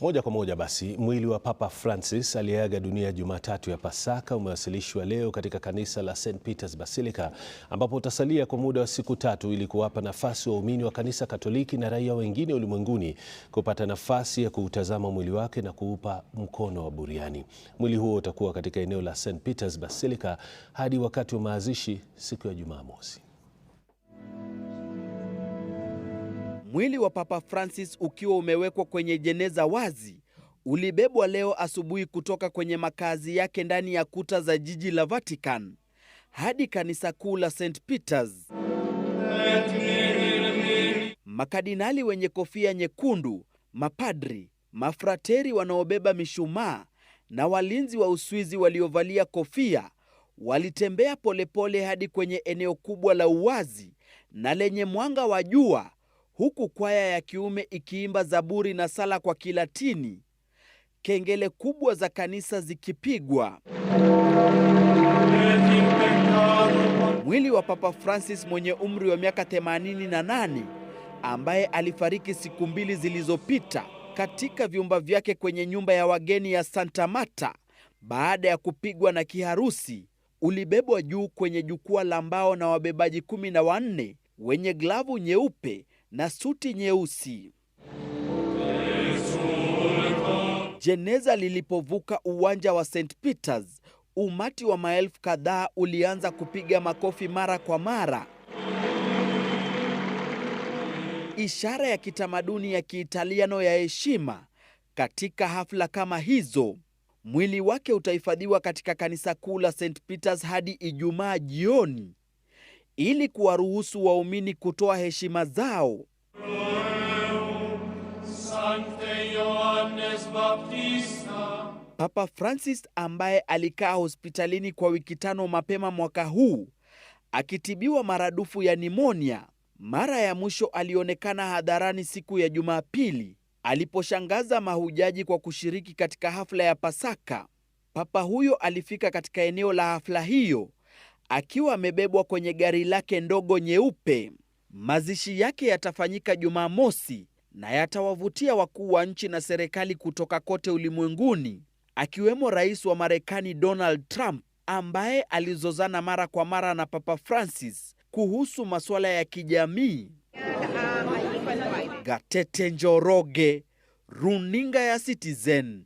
Moja kwa moja basi, mwili wa Papa Francis aliyeaga dunia Jumatatu ya Pasaka umewasilishwa leo katika kanisa la St Peter's Basilica ambapo utasalia kwa muda wa siku tatu ili kuwapa nafasi waumini wa kanisa Katoliki na raia wengine ulimwenguni kupata nafasi ya kuutazama mwili wake na kuupa mkono wa buriani. Mwili huo utakuwa katika eneo la St Peter's Basilica hadi wakati wa maazishi siku ya Jumamosi. Mwili wa Papa Francis ukiwa umewekwa kwenye jeneza wazi ulibebwa leo asubuhi kutoka kwenye makazi yake ndani ya kuta za jiji la Vatican hadi kanisa kuu la St Peters. makadinali wenye kofia nyekundu, mapadri, mafrateri wanaobeba mishumaa na walinzi wa Uswizi waliovalia kofia walitembea polepole hadi kwenye eneo kubwa la uwazi na lenye mwanga wa jua huku kwaya ya kiume ikiimba zaburi na sala kwa Kilatini, kengele kubwa za kanisa zikipigwa. Mwili wa Papa Francis mwenye umri wa miaka 88 ambaye alifariki siku mbili zilizopita katika vyumba vyake kwenye nyumba ya wageni ya Santa Marta baada ya kupigwa na kiharusi ulibebwa juu kwenye jukwaa la mbao na wabebaji kumi na wanne wenye glavu nyeupe na suti nyeusi. Jeneza lilipovuka uwanja wa St Peters, umati wa maelfu kadhaa ulianza kupiga makofi mara kwa mara, ishara ya kitamaduni ya Kiitaliano ya heshima. Katika hafla kama hizo, mwili wake utahifadhiwa katika kanisa kuu la St Peters hadi Ijumaa jioni ili kuwaruhusu waumini kutoa heshima zao. Papa Francis ambaye alikaa hospitalini kwa wiki tano mapema mwaka huu akitibiwa maradufu ya nimonia, mara ya mwisho alionekana hadharani siku ya Jumapili aliposhangaza mahujaji kwa kushiriki katika hafla ya Pasaka. Papa huyo alifika katika eneo la hafla hiyo akiwa amebebwa kwenye gari lake ndogo nyeupe. Mazishi yake yatafanyika Jumamosi na yatawavutia wakuu wa nchi na serikali kutoka kote ulimwenguni, akiwemo rais wa Marekani Donald Trump ambaye alizozana mara kwa mara na Papa Francis kuhusu masuala ya kijamii. Gatete Njoroge, runinga ya Citizen.